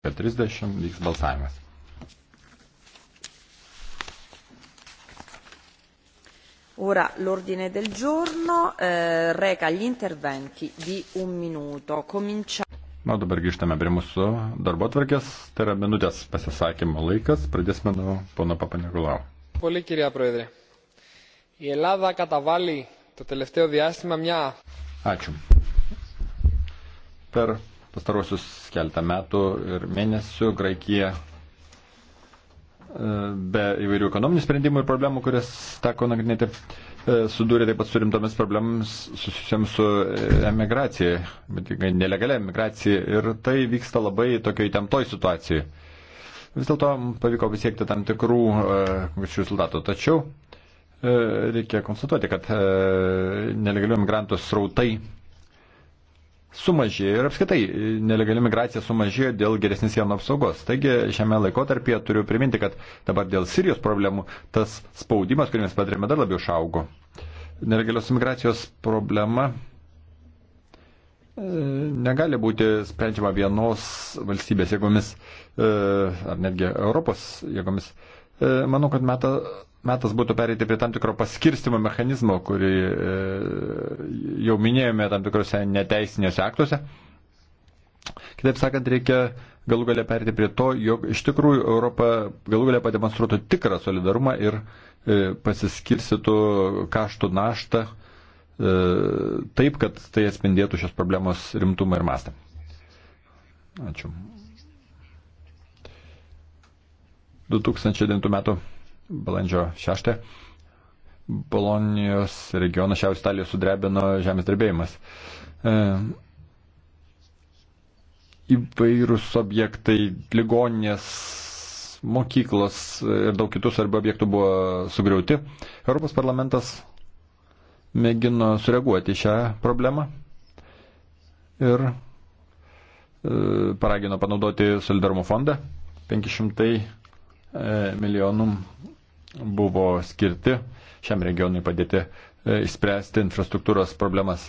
Per 30 vyks balsavimas. Ora l'ordine del giorno eh, reca gli interventi di un minuto. Cominciamo. Na, dabar grįžtame prie mūsų darbo tvarkės, tai yra minutės pasisakymo laikas, pradėsime nuo pono Papanikolau. Πολύ κυρία Πρόεδρε. Η Ελλάδα καταβάλει το τελευταίο διάστημα μια... Ačiū. Per pastarosius keltą metų ir mėnesių Graikija e, be įvairių ekonominių sprendimų ir problemų, kurias teko nagrinėti, e, sudūrė taip pat su rimtomis problemams susijusiams su e, emigracija, bet nelegalia emigracija ir tai vyksta labai tokio įtemptoj situacijoje. Vis dėlto pavyko pasiekti tam tikrų konkrečių rezultatų, tačiau reikia konstatuoti, kad nelegalių emigrantų srautai sumažėjo ir apskaitai e, nelegali migracija sumažėjo dėl geresnės sienų apsaugos. Taigi šiame laikotarpyje turiu priminti, kad dabar dėl Sirijos problemų tas spaudimas, kurį mes patirėme, dar labiau išaugo. Nelegalios migracijos problema e, negali būti sprendžiama vienos valstybės jėgomis e, ar netgi Europos jėgomis. Manau, kad meta metas būtų pereiti prie tam tikro paskirstimo mechanizmo, kurį e, jau minėjome tam tikrose neteisiniuose aktuose. Kitaip sakant, reikia galų galę perėti prie to, jog iš tikrųjų Europa galų galę pademonstruotų tikrą solidarumą ir e, pasiskirstytų kaštų naštą e, taip, kad tai atspindėtų šios problemos rimtumą ir mastą. Ačiū. 2009 metų balandžio 6. Bolonijos regioną Šiaurės Italijos sudrebino žemės drebėjimas. E, įvairūs objektai, ligoninės, mokyklos ir daug kitų svarbių objektų buvo sugriauti. Europos parlamentas mėgino sureaguoti šią problemą ir e, paragino panaudoti solidarumo fondą 500 e, milijonų buvo skirti šiam regionui padėti e, išspręsti infrastruktūros problemas.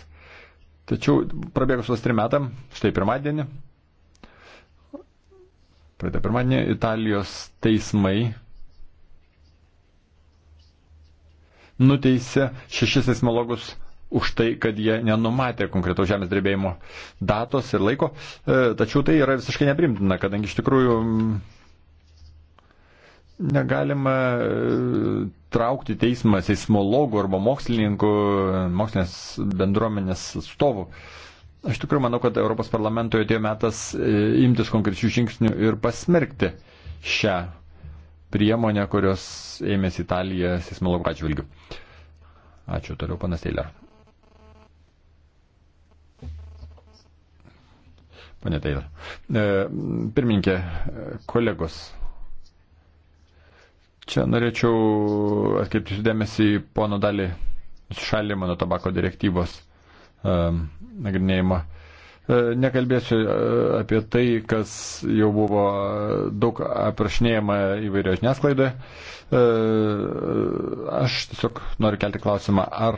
Tačiau prabėgus vos trim metam, štai pirmadienį, praeitą pirmadienį Italijos teismai nuteisė šešis seismologus už tai, kad jie nenumatė konkretaus žemės drebėjimo datos ir laiko, e, tačiau tai yra visiškai neprimtina, kadangi iš tikrųjų negalima e, traukti teismą seismologų arba mokslininkų, mokslinės bendruomenės atstovų. Aš tikrai manau, kad Europos parlamentoje atėjo metas e, imtis konkrečių žingsnių ir pasmerkti šią priemonę, kurios ėmėsi Italija seismologų atžvilgių. Ačiū, toliau panas Taylor. Pane Taylor. E, Pirminkė, kolegos Čia norėčiau atkreipti sudėmesį į pono dalį šalimą nuo tabako direktyvos um, nagrinėjimo. E, nekalbėsiu e, apie tai, kas jau buvo daug aprašinėjama įvairioje žiniasklaidoje. E, aš tiesiog noriu kelti klausimą, ar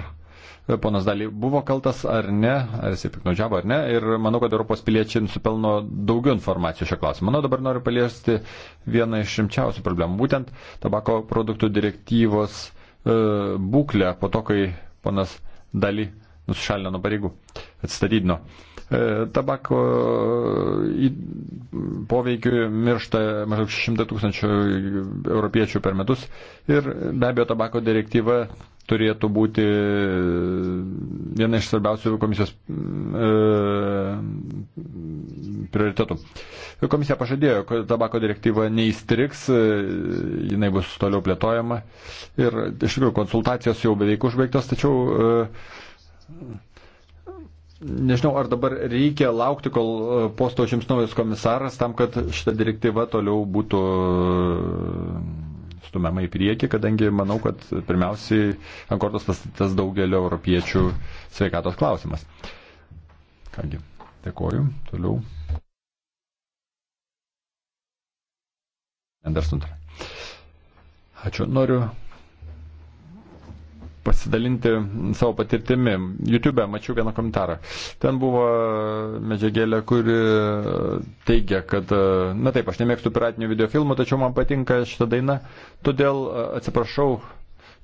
ponas Dalį buvo kaltas ar ne, ar jisai piknaudžiavo ar ne. Ir manau, kad Europos piliečiai nusipelno daugiau informacijos šio klausimu. Manau, dabar noriu paliesti vieną iš šimčiausių problemų, būtent tabako produktų direktyvos e, būklę po to, kai ponas Dalį nusišalino nuo pareigų, atstatydino. E, tabako e, poveikiu miršta maždaug 600 tūkstančių europiečių per metus ir be abejo tabako direktyva turėtų būti viena iš svarbiausių komisijos e, prioritetų. Komisija pažadėjo, kad tabako direktyva neįstriks, e, jinai bus toliau plėtojama ir iš tikrųjų konsultacijos jau beveik užbaigtos, tačiau e, Nežinau, ar dabar reikia laukti, kol e, posto užims naujas komisaras, tam, kad šita direktyva toliau būtų e, stumiama į priekį, kadangi manau, kad pirmiausiai ant kortos pastatytas daugelio europiečių sveikatos klausimas. Kągi, dėkoju. Toliau. Anderson. Ačiū. Noriu pasidalinti savo patirtimi. YouTube e, mačiau vieną komentarą. Ten buvo medžiagėlė, kuri e, teigia, kad, e, na taip, aš nemėgstu piratinių videofilmų, tačiau man patinka šita daina, todėl atsiprašau,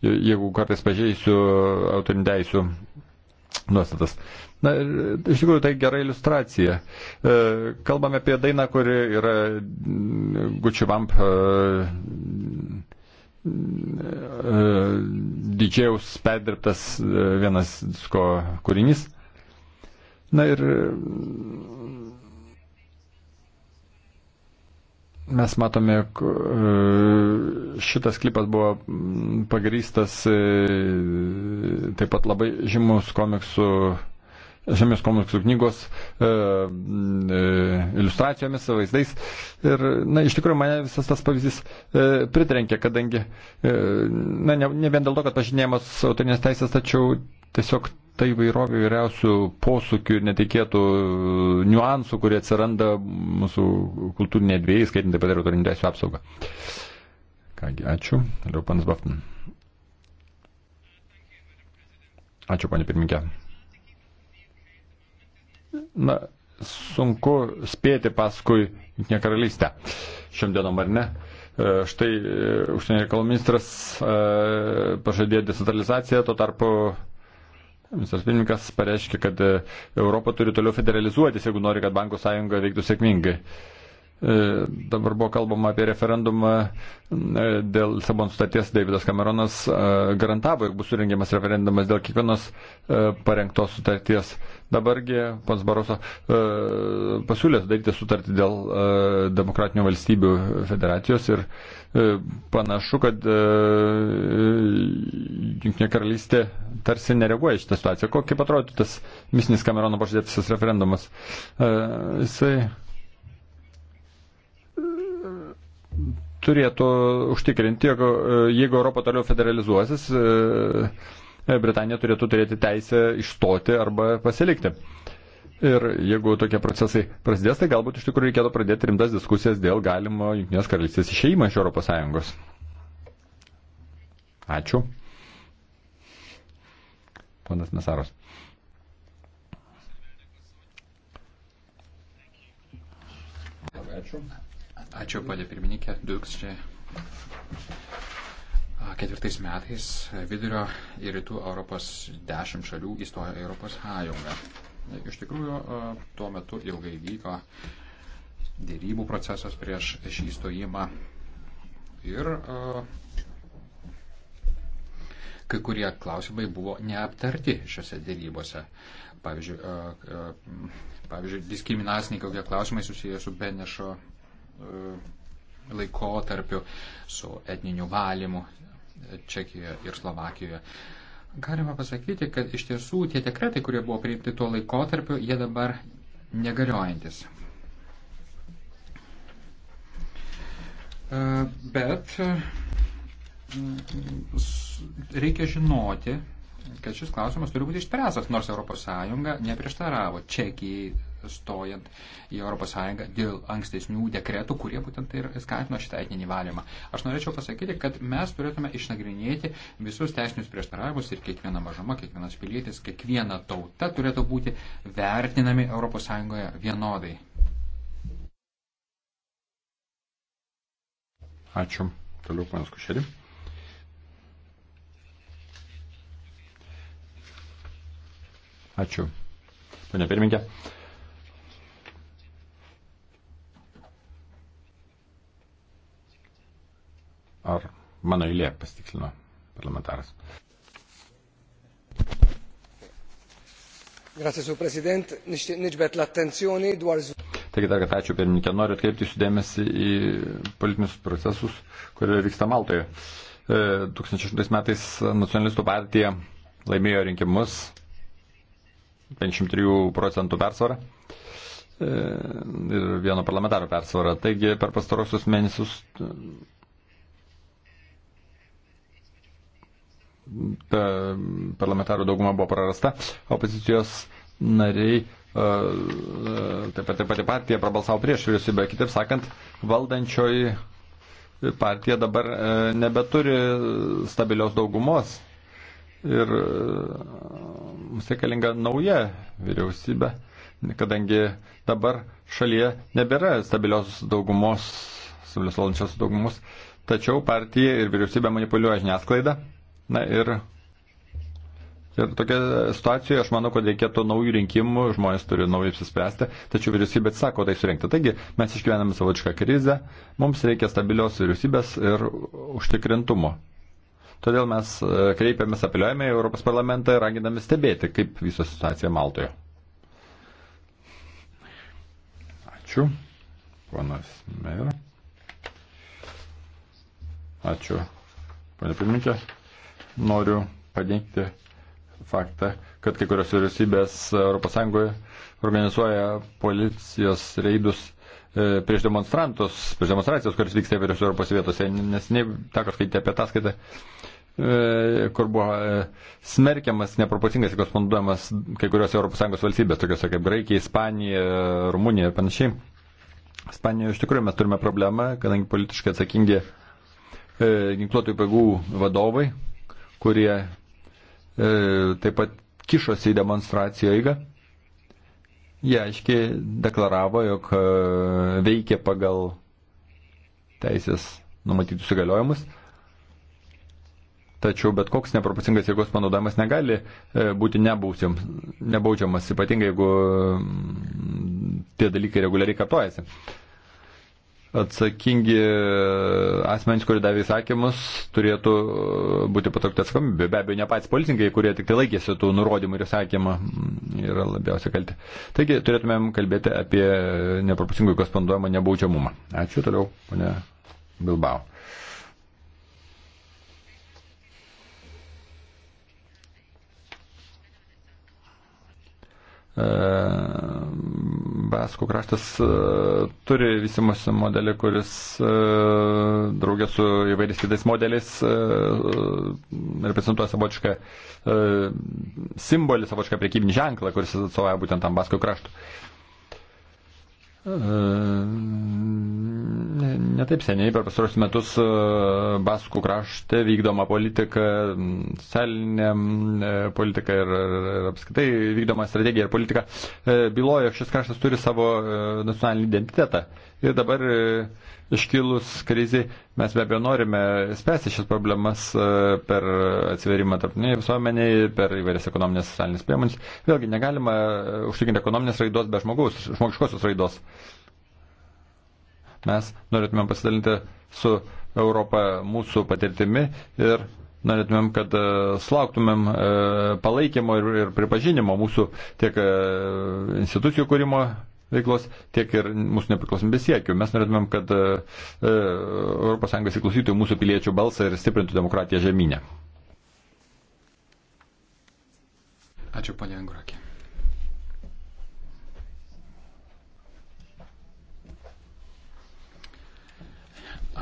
jeigu kartais pažeisiu autorinių teisių nuostatas. Na, iš tikrųjų tai gera iliustracija. Kalbame apie dainą, kuri yra Gucci Vamp E, didžiaus perdirbtas e, vienas disko kūrinys. Na ir e, mes matome, šitas klipas buvo pagrystas taip pat labai žymus komiksų šiomis komiksų knygos e, e, iliustracijomis, vaizdais. Ir, na, iš tikrųjų, mane visas tas pavyzdys e, pritrenkė, kadangi, e, na, ne, ne vien dėl to, kad pažinėjimas autorinės teisės, tačiau tiesiog ta įvairovė vyriausių posūkių ir netikėtų niuansų, kurie atsiranda mūsų kultūrinėje dviejai, skaitant taip pat ir autorinį teisų apsaugą. Kągi, ačiū. Toliau panas Baftin. Ačiū, panė pirminkė. Na, sunku spėti paskui Junktinę karalystę šiom dienom, ar ne? E, štai e, užsienio reikalų ministras e, pažadėjo decentralizaciją, tuo tarpu ministras pirmininkas pareiškė, kad Europa turi toliau federalizuotis, jeigu nori, kad bankų sąjunga veiktų sėkmingai. E, dabar buvo kalbama apie referendumą e, dėl Sabon staties. Davidas Cameronas e, garantavo, jog bus surinkiamas referendumas dėl kiekvienos parengtos sutarties. Dabargi pats Baroso pasiūlė sudaryti sutartį dėl demokratinių valstybių federacijos ir panašu, kad Junkinė karalystė tarsi nereaguoja šitą situaciją. Kaip atrodo tas misinis Camerono pažadėtas referendumas? Jisai turėtų užtikrinti, jog e, jeigu Europa toliau federalizuosis, e, e, Britanija turėtų turėti teisę išstoti arba pasilikti. Ir jeigu tokie procesai prasidės, tai galbūt iš tikrųjų reikėtų pradėti rimtas diskusijas dėl galimo Junktinės karalystės išeimo iš ES. Ačiū. Ponas Mesaros. Ačiū. Ačiū, padė pirmininkė. 2004 metais vidurio ir rytų Europos dešimt šalių įstojo Europos sąjungą. Iš tikrųjų, tuo metu ilgai vyko dėrybų procesas prieš šį įstojimą. Ir kai kurie klausimai buvo neaptarti šiuose dėrybose. Pavyzdžiui, pavyzdžiui diskriminaciniai kokie klausimai susiję su Benešo E, laikotarpiu su etniniu valymu Čekijoje ir Slovakijoje. Galima pasakyti, kad iš tiesų tie dekretai, kurie buvo priimti tuo laikotarpiu, jie dabar negaliojantis. E, bet mm, reikia žinoti, kad šis klausimas turi būti išspręstas, nors ES neprieštaravo Čekijai stojant į ES dėl ankstesnių dekretų, kurie būtent ir skatino šitą etninį valymą. Aš norėčiau pasakyti, kad mes turėtume išnagrinėti visus teisinius prieštaravimus ir kiekviena mažuma, kiekvienas pilietis, kiekviena tauta turėtų būti vertinami ES vienodai. Ačiū. Toliau panas Kušerį. Ačiū. Pane pirmininkė. Ar mano eilė pastikslino parlamentaras? Grazie, su prezident. Nečbet l'attenzjoni dwar. Taigi dar kartą ačiū pirmininkė. Noriu atkreipti jūsų dėmesį į politinius procesus, kurie vyksta Maltoje. E, 2008 metais nacionalistų partija laimėjo rinkimus 53 procentų persvarą e, ir vieno parlamentaro persvarą. Taigi per pastarosius mėnesius ta e, parlamentarų dauguma buvo prarasta, opozicijos nariai e, taip pat taip pat partija prabalsavo prieš vyriausybę. Kitaip sakant, valdančioji partija dabar nebeturi stabilios daugumos Ir e, mums reikalinga nauja vyriausybė, kadangi dabar šalyje nebėra stabilios daugumos, stabilios valdančios daugumos, tačiau partija ir vyriausybė manipuliuoja žiniasklaidą. Na ir, ir tokia situacija, aš manau, kad reikėtų naujų rinkimų, žmonės turi naujai apsispręsti, tačiau vyriausybė atsako tai surinkti. Taigi mes išgyvename savotišką krizę, mums reikia stabilios vyriausybės ir užtikrintumo. Todėl mes e, kreipiamės, apeliuojame į Europos parlamentą ir raginame stebėti, kaip visa situacija Maltoje. Ačiū. Ponas Meir. Ačiū. Pane pirmininkė, noriu padėkti faktą, kad kai kurios vyriausybės ES organizuoja policijos reidus e, prieš demonstrantus, prieš demonstracijas, kuris vyksta įvairiose Europos vietose, nes ne, teko skaityti apie tą skaitą, E, kur buvo e, smerkiamas neproporcingas ir kosmonduojamas kai kurios ES valstybės, tokios kaip Graikija, Ispanija, Rumunija ir panašiai. Ispanijoje iš tikrųjų mes turime problemą, kadangi politiškai atsakingi e, ginkluotųjų pagų vadovai, kurie e, taip pat kišosi į demonstracijų eigą. Jie aiškiai deklaravo, jog e, veikia pagal teisės numatytus įgaliojimus. E, Tačiau bet koks neproporcingas jėgos panaudojimas negali e, būti nebaudžiamas, ypatingai jeigu mm, tie dalykai reguliariai kartojasi. Atsakingi e, asmenys, kurie davė įsakymus, turėtų e, būti patraukti atsakomybė. Be abejo, ne patys policininkai, kurie tik tai laikėsi tų nurodymų ir įsakymą, mm, yra labiausiai kalti. Taigi turėtumėm kalbėti apie neproporcingų jėgos panaudojimą nebaudžiamumą. Ačiū toliau, ponia Bilbao. E, Baskų kraštas e, turi vysimosi modelį, kuris e, draugė su įvairiais kitais modeliais reprezentuoja savotišką simbolį, savotišką prekybinį ženklą, kuris atsovauja būtent tam Baskų kraštui. E, Netaip seniai per pastarosius metus e, Baskų krašte vykdoma politika, socialinė e, politika ir, ir apskaitai vykdoma strategija ir politika byloja, jog šis kraštas turi savo nacionalinį identitetą. Ir dabar iškilus krizai Mes be abejo norime spręsti šias problemas e, per atsiverimą tarptautiniai visuomeniai, per įvairias ekonominės socialinės priemonės. Vėlgi, negalima e, užtikrinti ekonominės raidos be žmogaus, žmogiškosios raidos. Mes norėtume pasidalinti su Europą mūsų patirtimi ir norėtumėm, kad e, slauktumėm palaikymo ir pripažinimo mūsų tiek institucijų kūrimo veiklos, tiek ir mūsų nepriklausomybės siekių. Mes norėtumėm, kad ES e, įsiklausytų mūsų piliečių balsą ir stiprintų demokratiją žemynę. Ačiū, ponė Angurakė.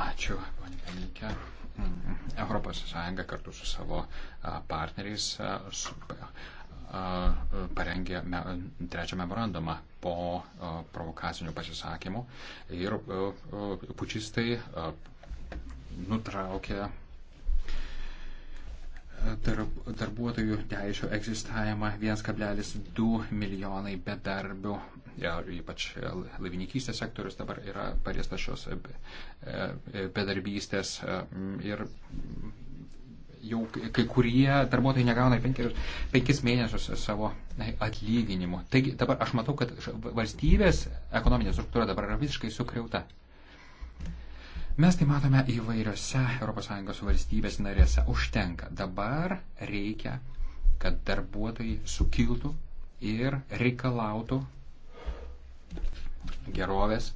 Ačiū, ponė Pelykė. Mm, Europos Sąjunga kartu su savo partneriais E, parengė me, trečią memorandumą po e, provokacinių pasisakymų ir e, pučistai nutraukė tarp, darbuotojų teisų egzistavimą 1,2 milijonai bedarbių, ja, ypač laivininkystės sektorius dabar yra paliestas šios bedarbystės ir jau kai kurie darbuotojai negauna penkis, penkis mėnesius savo atlyginimo. Taigi dabar aš matau, kad valstybės ekonominė struktūra dabar yra visiškai sukriauta. Mes tai matome įvairiose ES valstybės narėse. Užtenka. Dabar reikia, kad darbuotojai sukiltų ir reikalautų gerovės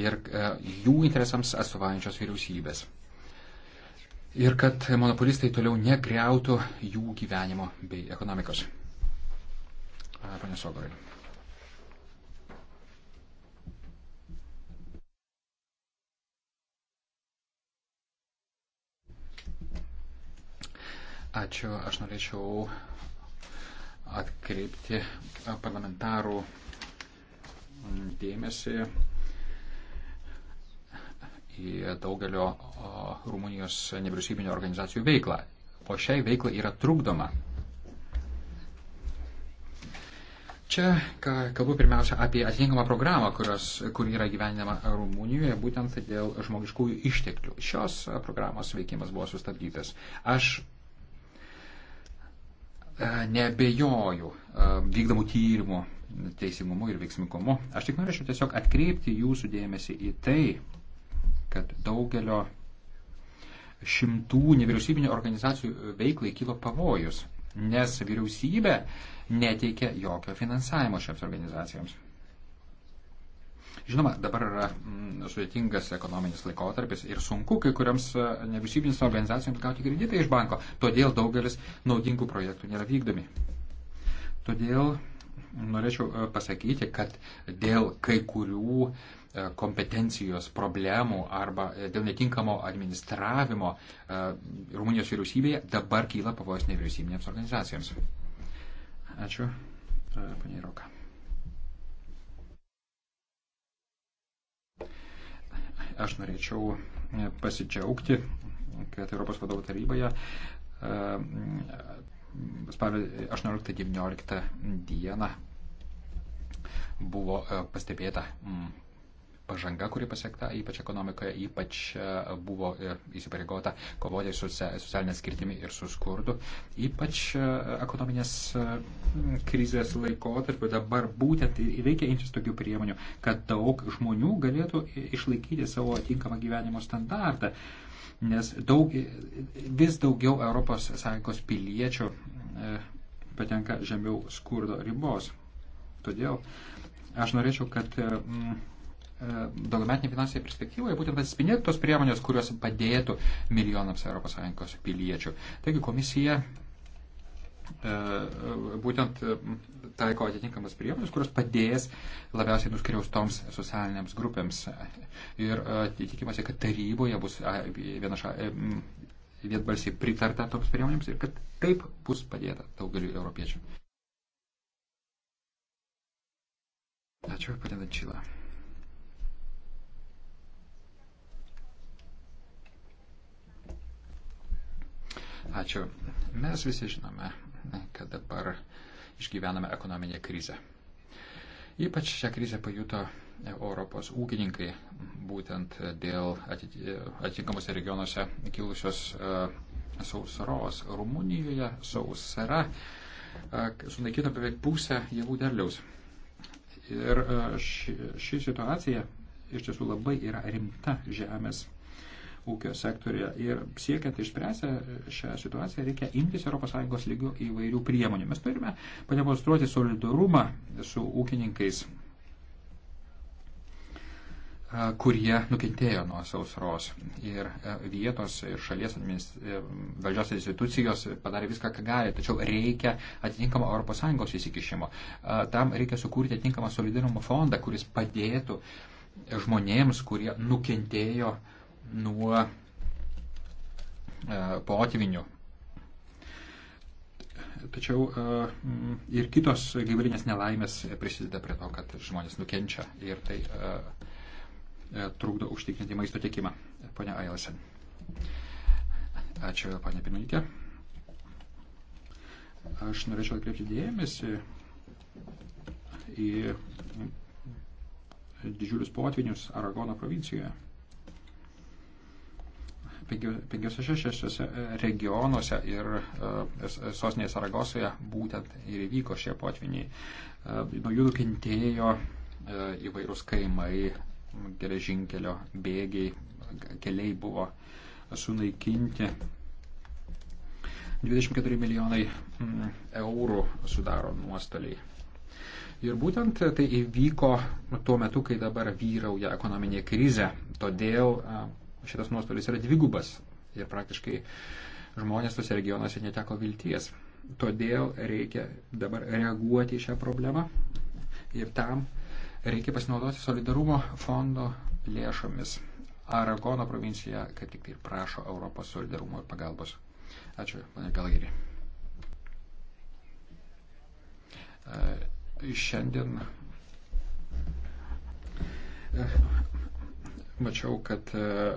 ir e, jų interesams atstovaujančios vyriausybės ir kad monopolistai toliau negriautų jų gyvenimo bei ekonomikos. Pane Sogorai. Ačiū, aš norėčiau atkreipti parlamentarų dėmesį į daugelio Rumunijos nevyriausybinio organizacijų veiklą. O šiai veiklai yra trukdoma. Čia kalbu pirmiausia apie atitinkamą programą, kurios, kur yra gyvenama Rumunijoje, būtent dėl žmogiškųjų išteklių. Šios programos veikimas buvo sustabdytas. Aš e, nebejoju e, vykdomų tyrimų teisingumu ir veiksmingumu. Aš tik norėčiau tiesiog atkreipti jūsų dėmesį į tai, kad daugelio šimtų nevyriausybinio organizacijų veiklai kilo pavojus, nes vyriausybė neteikia jokio finansavimo šiems organizacijoms. Žinoma, dabar yra mm, sudėtingas ekonominis laikotarpis ir sunku kai kuriams e, nevyriausybinėms organizacijoms gauti kreditą iš banko, todėl daugelis naudingų projektų nėra vykdomi. Todėl norėčiau e, pasakyti, kad dėl kai kurių uh, E, kompetencijos problemų arba e, dėl netinkamo administravimo e, Rumunijos vyriausybėje dabar kyla pavojus nevyriausybinėms organizacijoms. Ačiū, panė Roka. Aš norėčiau pasidžiaugti, kad Europos vadovų taryboje spalio 18-19 dieną buvo pastebėta pažanga, kuri pasiekta, ypač ekonomikoje, ypač e, buvo įsipareigota kovoti su socialinė skirtimi ir su skurdu. Ypač e, ekonominės e, krizės laikotarpiu dabar būtent reikia imtis tokių priemonių, kad daug žmonių galėtų išlaikyti savo tinkamą gyvenimo standartą. Nes daug, vis daugiau ES piliečių patenka žemiau skurdo ribos. Todėl aš norėčiau, kad mm, E, daugiametinė finansinė perspektyva būtent atspindėtų tos priemonės, kurios padėtų milijonams ES piliečių. Taigi komisija e, būtent e, taiko atitinkamas priemonės, kurios padės labiausiai nuskriaustoms socialiniams grupėms. Ir tikimasi, kad taryboje bus vienaša, vienbalsiai pritarta toms priemonėms ir kad taip bus padėta daugeliu europiečių. Ačiū, padedant Čilą. Ačiū. Mes visi žinome, kad dabar išgyvename ekonominę krizę. Ypač šią krizę pajuto Europos ūkininkai, būtent dėl atitinkamuose regionuose kilusios e, sausros. Rumunijoje sausra e, sunaikino beveik pusę javų derliaus. Ir e, ši, ši situacija iš tiesų labai yra rimta žemės ūkio sektorija. Ir siekiant išspręsti šią situaciją, reikia imtis ES lygių įvairių priemonių. Mes turime pademonstruoti solidarumą su ūkininkais kurie nukentėjo nuo sausros. Ir vietos ir šalies e, valdžios institucijos padarė viską, ką gali, tačiau reikia atitinkamo ES įsikišimo. Tam reikia sukurti atitinkamą solidarumo fondą, kuris padėtų žmonėms, kurie nukentėjo uh, nuo e, potvinių. Tačiau e, ir kitos gyvulinės nelaimės prisideda prie to, kad žmonės nukenčia ir tai e, trukdo užtikrinti maisto tiekimą. Pone Ailsen. Ačiū, pane Pininkė. Aš norėčiau atkreipti dėmesį į didžiulius potvinius Aragono provincijoje. 5-6 e, regionuose ir e, e, sostinėje Saragosoje būtent ir įvyko šie potviniai. Nuo jų nukentėjo įvairūs kaimai, geležinkelio bėgiai, keliai buvo sunaikinti. 24 milijonai mm, eurų sudaro nuostoliai. Ir būtent tai įvyko tuo metu, kai dabar vyrauja ekonominė krizė. Todėl šitas nuostolis yra dvigubas ir praktiškai žmonės tose regionuose neteko vilties. Todėl reikia dabar reaguoti į šią problemą ir tam reikia pasinaudoti solidarumo fondo lėšomis. Aragono provincija kaip tik tai ir prašo Europos solidarumo ir pagalbos. Ačiū, pane Galgiri. E, šiandien e, mačiau, kad e, e,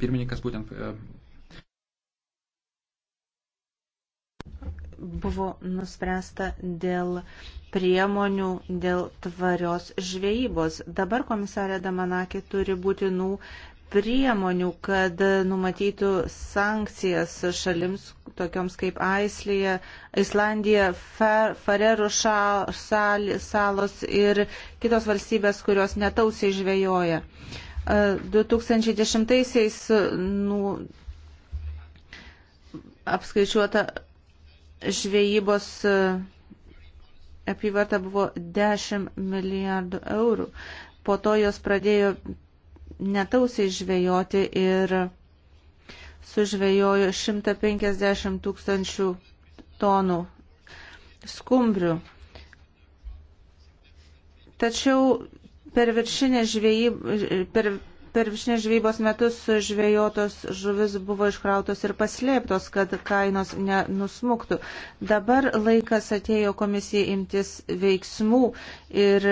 pirmininkas būtent e, buvo nuspręsta dėl priemonių, dėl tvarios žvejybos. Dabar komisarė Damanakė turi būtinų priemonių, kad numatytų sankcijas šalims tokioms kaip Aislija, Islandija, Farerų salos ir kitos valstybės, kurios netausiai žvejoja. 2010-aisiais e, nu, apskaičiuota žvejybos e, apyvarta buvo 10 milijardų eurų. Po to jos pradėjo netausiai žvejoti ir sužvejojo 150 tūkstančių tonų skumbrių. Tačiau per viršinę žvejybą, per, per viršinės žvejybos metus žvejotos žuvis buvo iškrautos ir paslėptos, kad kainos nenusmuktų. Dabar laikas atėjo komisijai imtis veiksmų ir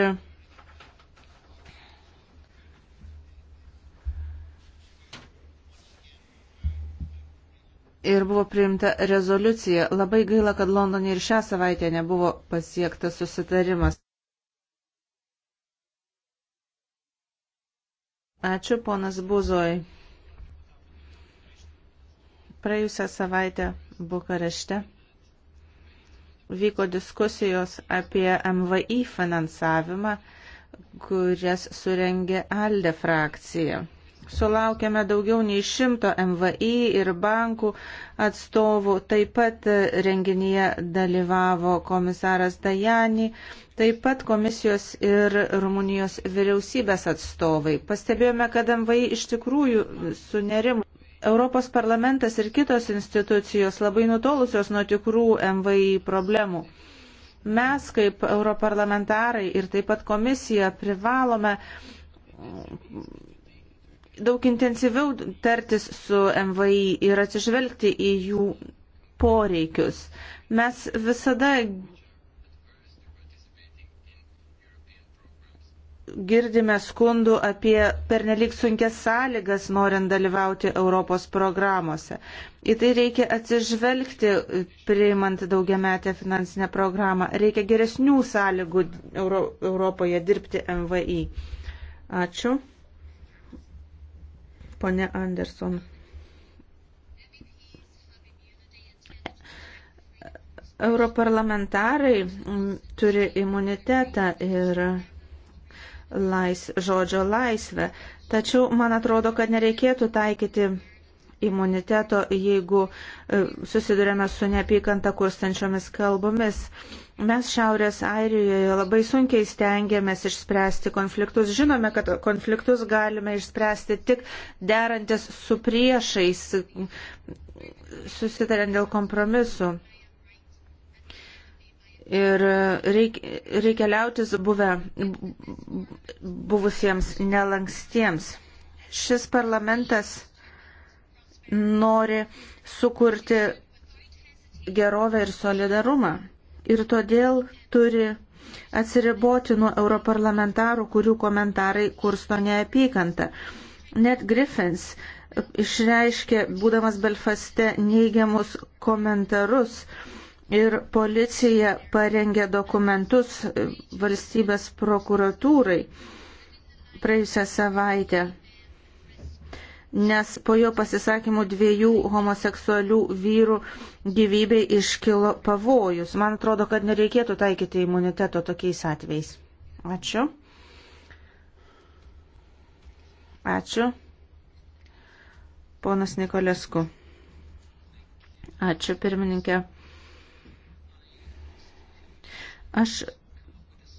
ir buvo priimta rezoliucija. Labai gaila, kad Londone ir šią savaitę nebuvo pasiektas susitarimas. Ačiū, ponas Buzoj. Praėjusią savaitę Bukarešte vyko diskusijos apie MVI finansavimą, kurias surengė ALDE frakcija sulaukėme daugiau nei šimto MVI ir bankų atstovų. Taip pat renginyje dalyvavo komisaras Dajani, taip pat komisijos ir Rumunijos vyriausybės atstovai. Pastebėjome, kad MVI iš tikrųjų sunerim. Europos parlamentas ir kitos institucijos labai nutolusios nuo tikrų MVI problemų. Mes kaip europarlamentarai ir taip pat komisija privalome daug intensyviau tartis su MVI ir atsižvelgti į jų poreikius. Mes visada girdime skundų apie pernelik sunkes sąlygas, norint dalyvauti Europos programuose. Į tai reikia atsižvelgti, priimant daugiametę finansinę programą. Reikia geresnių sąlygų Euro Europoje dirbti MVI. Ačiū pone Anderson. Europarlamentarai mm, turi imunitetą ir lais, žodžio laisvę, tačiau man atrodo, kad nereikėtų taikyti imuniteto, jeigu e, susidurėme su neapykanta kurstančiomis kalbomis. Mes Šiaurės Airijoje labai sunkiai stengiamės išspręsti konfliktus. Žinome, kad konfliktus galime išspręsti tik derantis su priešais, susitariant dėl kompromisu. Ir reikia, reikia liautis buvę, buvusiems nelankstiems. Šis parlamentas nori sukurti gerovę ir solidarumą ir todėl turi atsiriboti nuo europarlamentarų, kurių komentarai kursto neapykantą. Net Griffins išreiškė, būdamas Belfaste, neigiamus komentarus ir policija parengė dokumentus valstybės prokuratūrai praėjusią savaitę nes po jo pasisakymų dviejų homoseksualių vyrų gyvybei iškilo pavojus. Man atrodo, kad nereikėtų taikyti imuniteto tokiais atvejais. Ačiū. Ačiū. Ponas Nikolesku. Ačiū, pirmininkė. Aš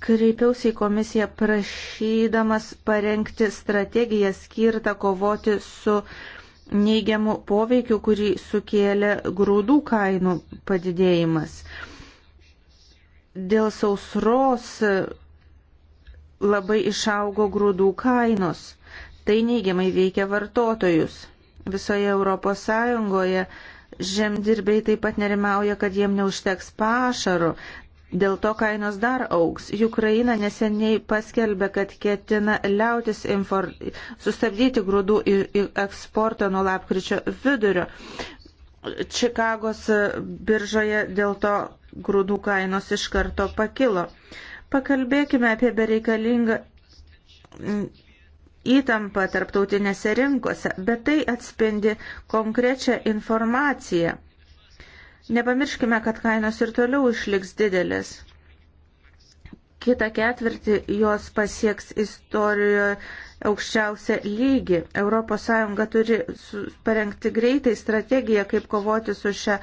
kreipiausi į komisiją prašydamas parengti strategiją skirtą kovoti su neigiamu poveikiu, kurį sukėlė grūdų kainų padidėjimas. Dėl sausros labai išaugo grūdų kainos. Tai neigiamai veikia vartotojus. Visoje Europos Sąjungoje Žemdirbiai taip pat nerimauja, kad jiem neužteks pašaro, Dėl to kainos dar auks. Ukraina neseniai paskelbė, kad ketina liautis infor... sustabdyti grūdų eksportą nuo lapkričio vidurio. Čikagos biržoje dėl to grūdų kainos iš karto pakilo. Pakalbėkime apie bereikalingą įtampą tarptautinėse rinkose, bet tai atspindi konkrečią informaciją Nepamirškime, kad kainos ir toliau išliks didelės. Kita ketvirtį jos pasieks istorijoje aukščiausią lygį. ES turi parengti greitai strategiją, kaip kovoti su šia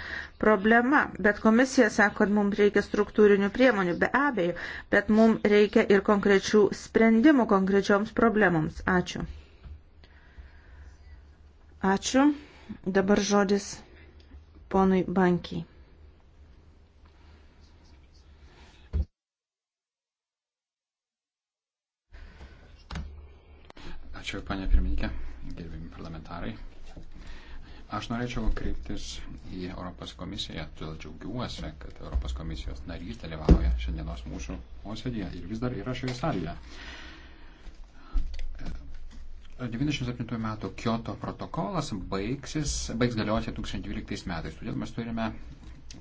problema. Bet komisija sako, kad mums reikia struktūrinių priemonių, be abejo, bet mums reikia ir konkrečių sprendimų konkrečioms problemams. Ačiū. Ačiū. Dabar žodis ponui Bankiai. Ačiū, panė pirmininkė, gerbimi parlamentarai. Aš norėčiau kreiptis į Europos komisiją, todėl džiaugiuosi, kad Europos komisijos narys dalyvauja šiandienos mūsų posėdėje ir vis dar yra šioje salėje. 97 metų Kyoto protokolas baigsis, baigs galioti 2012 metais, todėl mes turime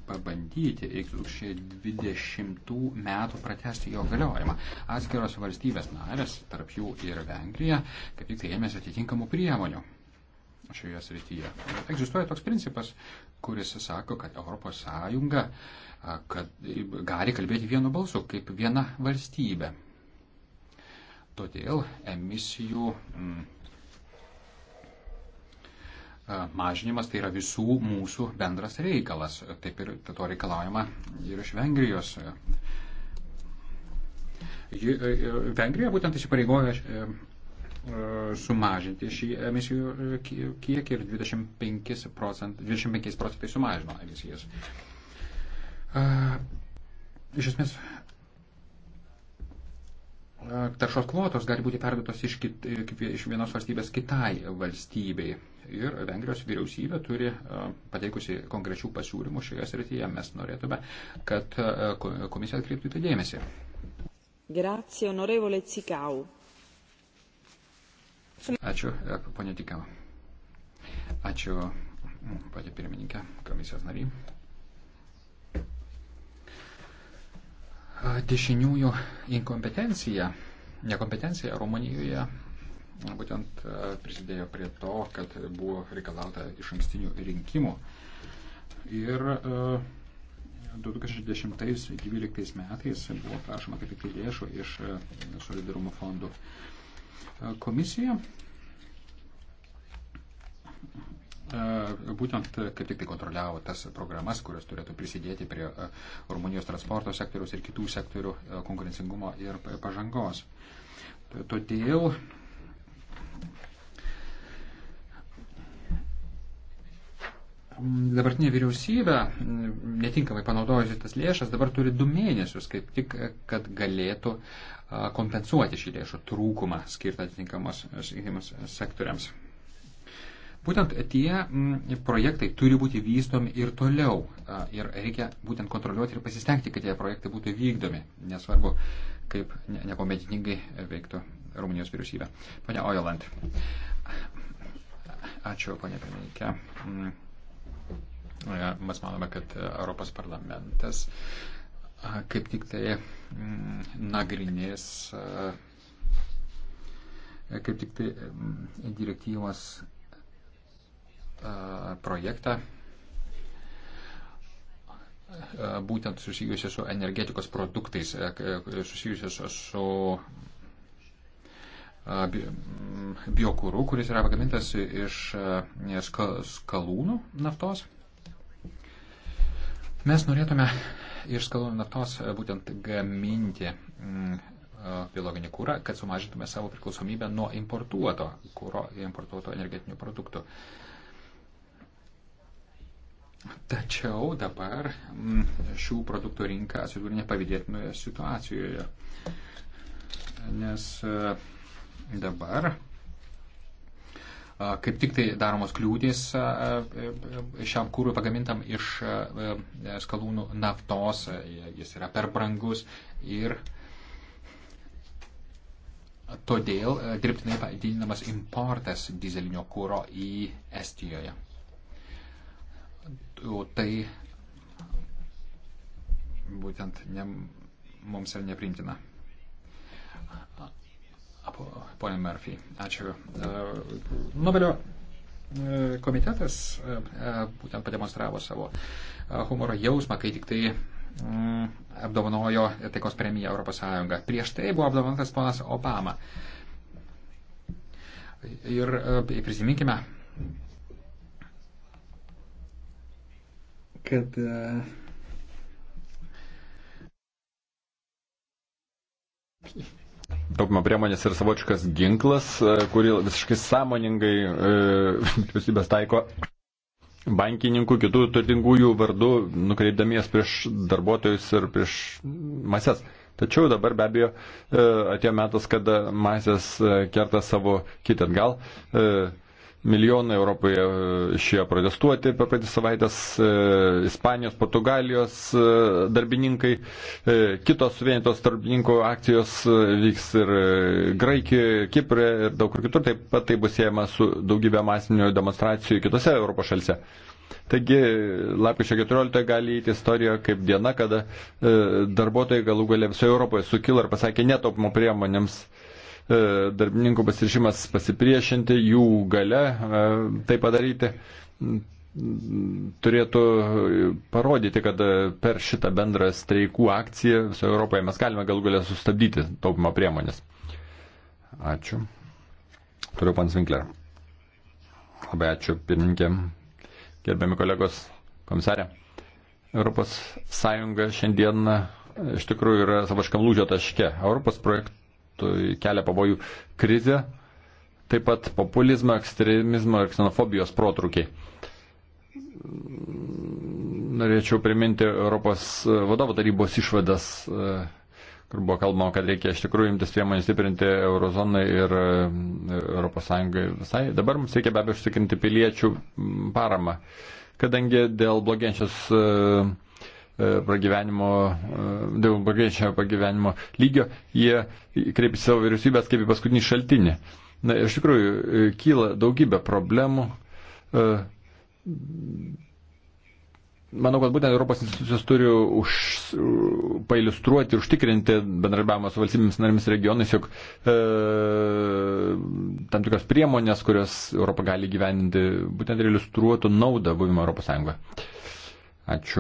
pabandyti iki 2020 metų pratesti jo galiojimą. Atskiros valstybės narės, tarp jų ir Vengrija, kaip tik tai ėmėsi atitinkamų priemonių šioje srityje. Egzistuoja toks principas, kuris sako, kad Europos Sąjunga kad gali kalbėti vienu balsu, kaip viena valstybė. Todėl emisijų mm, mažinimas tai yra visų mūsų bendras reikalas. Taip ir to reikalaujama ir iš Vengrijos. E, e, Vengrija būtent įsipareigoja e, sumažinti šį emisijų kiekį ir 25, procent, 25 procentai sumažino emisijas. Iš esmės, taršos kvotos gali būti perduotos iš, kit, iš vienos valstybės kitai valstybei. Ir Vengrijos vyriausybė turi pateikusi konkrečių pasiūlymų šioje srityje. Mes norėtume, kad komisija atkreiptų į tai dėmesį. Grazie, onorevole Cikau. Ačiū, ponė Tikau. Ačiū, ponė pirmininkė, komisijos nariai. dešiniųjų inkompetencija, nekompetencija Rumunijoje būtent prisidėjo prie to, kad buvo reikalauta iš ankstinių rinkimų. Ir 2010-2012 metais buvo prašoma kaip tik lėšų iš solidarumo fondų. Komisija būtent e, e, kaip tik tai kontroliavo tas programas, kurios turėtų prisidėti prie e, Rumunijos transporto sektoriaus ir kitų sektorių konkurencingumo ir pažangos. Todėl dabartinė vyriausybė, netinkamai panaudojusi tas lėšas, dabar turi du mėnesius, kaip tik, kad galėtų kompensuoti šį lėšų trūkumą skirtą atitinkamos sektoriams. Būtent tie mm, projektai turi būti vystomi ir toliau. Ir reikia būtent kontroliuoti ir pasistengti, kad tie projektai būtų vykdomi. Nesvarbu, kaip nekompetitingai veiktų Rumunijos vyriausybė. Pane Ojoland. Ačiū, pane pirmininkė. Mm. Mes manome, kad Europos parlamentas kaip tik tai mm, nagrinės kaip tik tai direktyvos projektą būtent susijusią su energetikos produktais, susijusią su biokūrų, kuris yra pagamintas iš skalūnų naftos. Mes norėtume iš skalūnų naftos būtent gaminti mm, biologinį kūrą, kad sumažintume savo priklausomybę nuo importuoto kūro, importuoto energetinių produktų. Uh, Tačiau dabar mm, šių produktų rinka atsidūrė nepavydėtinoje situacijoje, nes e, dabar kaip tik tai daromos kliūtis e, šiam kūrui pagamintam iš e, skalūnų naftos, jis yra per brangus ir todėl dirbtinai padidinamas importas dizelinio kūro į Estijoje tai būtent ne, mums yra neprimtina. Pone Murphy, ačiū. Nobelio e, komitetas e, e, būtent pademonstravo savo humoro jausmą, kai tik tai mm, apdovanojo taikos premiją Europos Sąjungą. Prieš tai buvo apdovanotas ponas Obama. Ir prisiminkime kad e, Taupimo priemonės yra savočiškas ginklas, e, kurį visiškai sąmoningai vyriausybės e, taiko bankininkų, kitų turtingųjų vardų, nukreipdamies prieš darbuotojus ir prieš masės. Tačiau dabar be abejo atėjo metas, kada masės kerta savo kitą atgal. Milijonai Europoje e, išėjo protestuoti per praeitį savaitės, e, Ispanijos, Portugalijos e, darbininkai, kitos suvienytos darbininkų akcijos vyks ir Graikijoje, Kiprė ir daug kur kitur, taip pat tai bus siejama su daugybė masinių demonstracijų kitose Europos šalise. Taigi, lapkričio 14 gali įti istorija kaip diena, kada e, darbuotojai galų galę visoje Europoje sukilo ir pasakė netaupimo priemonėms. E, E, darbininkų pasirišimas pasipriešinti, jų gale e, tai padaryti turėtų parodyti, kad e, per šitą bendrą streikų akciją visoje Europoje mes galime galų galę sustabdyti taupimo priemonės. Ačiū. Turiu pans Winkler. Labai ačiū pirmininkė, gerbiami kolegos komisarė. Europos Sąjunga šiandien iš tikrųjų yra savaškam lūžio taške. Europos projektų kelia pavojų krizė, taip pat populizmo, ekstremizmo ir ksenofobijos protrukiai. Norėčiau priminti Europos e, vadovų tarybos išvadas, e, kur buvo kalbama, kad reikia iš tikrųjų imtis priemonių stiprinti eurozoną ir ES visai. Dabar mums reikia be abejo užtikrinti piliečių paramą, kadangi dėl blogėjančios e, E, pragyvenimo, e, dėl bagaičio pragyvenimo lygio, jie kreipiasi savo vyriausybės kaip į paskutinį šaltinį. Na, iš tikrųjų, e, kyla daugybė problemų. Manau, kad būtent Europos institucijos turi už, pailustruoti ir užtikrinti bendradarbiavimą su valstybėmis narėmis regionais, jog e, tam tikros priemonės, kurias Europą gali gyveninti, būtent ir iliustruotų naudą buvimą Europos Sąjungoje. Ačiū.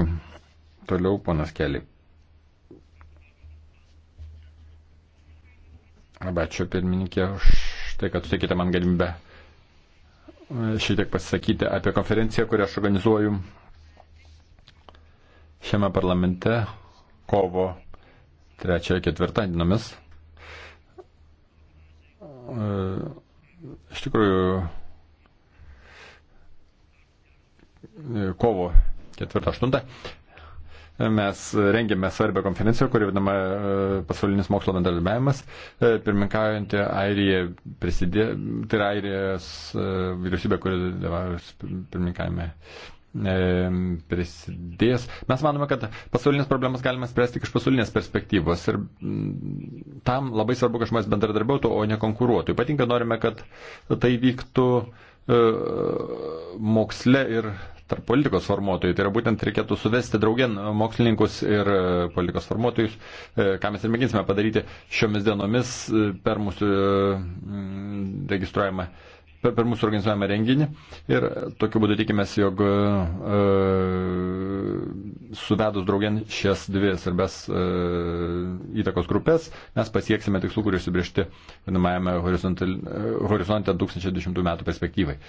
Toliau ponas Keli. Labai ačiū pirmininkė už tai, kad suteikite man galimybę e, šitiek pasisakyti apie konferenciją, kurią aš organizuoju šiame parlamente kovo 3-4 dienomis. E, iš tikrųjų, e, kovo 4-8 Mes rengėme svarbę konferenciją, kuri vadinama e, pasaulinis mokslo bendradarbiavimas. E, Pirminkaujantį Airiją prisidė, tai yra Airijos e, vyriausybė, kuri pirmininkavime prisidės. Mes manome, kad pasaulinės problemas galima spręsti tik iš pasaulinės perspektyvos ir tam labai svarbu, kad žmonės bendradarbiautų, o ne konkuruotų. Ypatingai norime, kad tai vyktų moksle ir tarp politikos formuotojų. Tai yra būtent reikėtų suvesti draugien mokslininkus ir e, politikos formuotojus, e, ką mes ir mėginsime padaryti šiomis dienomis e, per mūsų registruojamą per, per mūsų organizuojamą renginį ir tokiu būdu tikimės, jog e, suvedus draugien šias dvi svarbes e, įtakos grupės mes pasieksime tikslų, kurie užsibriežti vadinamajame horizonte 2010 metų perspektyvai.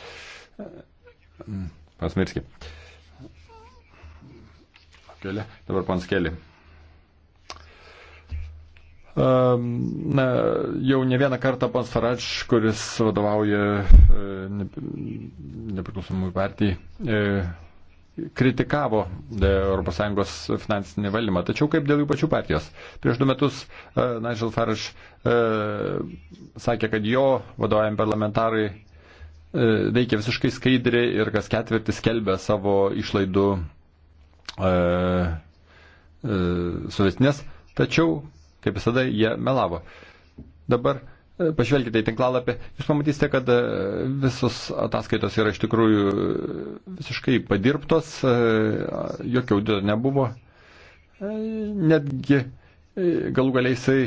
Pans Mirski. Keli. Dabar pans Keli. Ehm, na, jau ne vieną kartą pans Farač, kuris vadovauja e, nepriklausomų partijai, e, kritikavo ES finansinį valdymą. Tačiau kaip dėl jų pačių partijos? Prieš du metus uh, Nigel Farage uh, sakė, kad jo vadovaujami parlamentarai E, veikia visiškai skaidriai ir kas ketvirtis kelbė savo išlaidų e, e, suvestinės, tačiau, kaip visada, jie melavo. Dabar e, pažvelkite į tinklalapį, jūs pamatysite, kad e, visos ataskaitos yra iš tikrųjų e, visiškai padirbtos, e, jokio audito nebuvo, e, netgi e, galų galiai jisai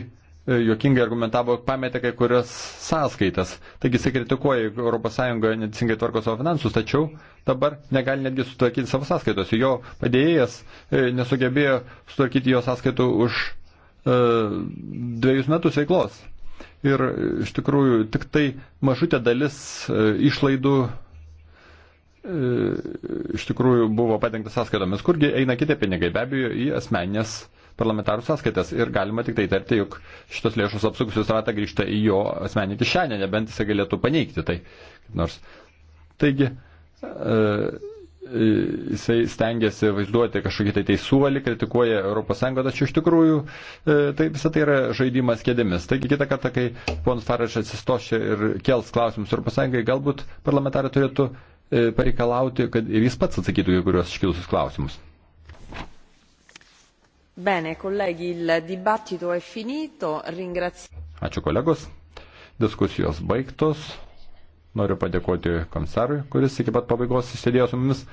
E, juokingai argumentavo, pametė kai kurias sąskaitas. Taigi jisai kritikuoja, ES neteisingai tvarko savo finansus, tačiau dabar negali netgi sutvarkyti savo sąskaitos. Jo padėjėjas e, nesugebėjo sutvarkyti jo sąskaitų už uh, dviejus metus veiklos. Ir iš tikrųjų tik tai mažutė dalis uh, išlaidų uh, iš tikrųjų buvo padengta sąskaitomis. Kurgi eina kiti pinigai? Be abejo, į asmeninės parlamentarų sąskaitas ir galima tik tai tarti, jog šitos lėšos apsukusios ratą grįžta į jo asmenį kišenę, nebent jisai galėtų paneigti tai. Nors. Taigi, e, jisai stengiasi vaizduoti kažkokį tai teisuolį, kritikuoja ES, tačiau iš tikrųjų e, tai visą tai yra žaidimas kėdėmis. Taigi kitą kartą, kai ponas Faraš atsistos čia ir kels klausimus ES, galbūt parlamentarai turėtų e, pareikalauti, kad ir jis pats atsakytų į kuriuos iškilusius klausimus. Bene, colleghi, il dibattito è finito. Ringrazio. Ačiū kolegos. Diskusijos baigtos. Noriu padėkoti komisarui, kuris iki pat pabaigos įsidėjo su mumis.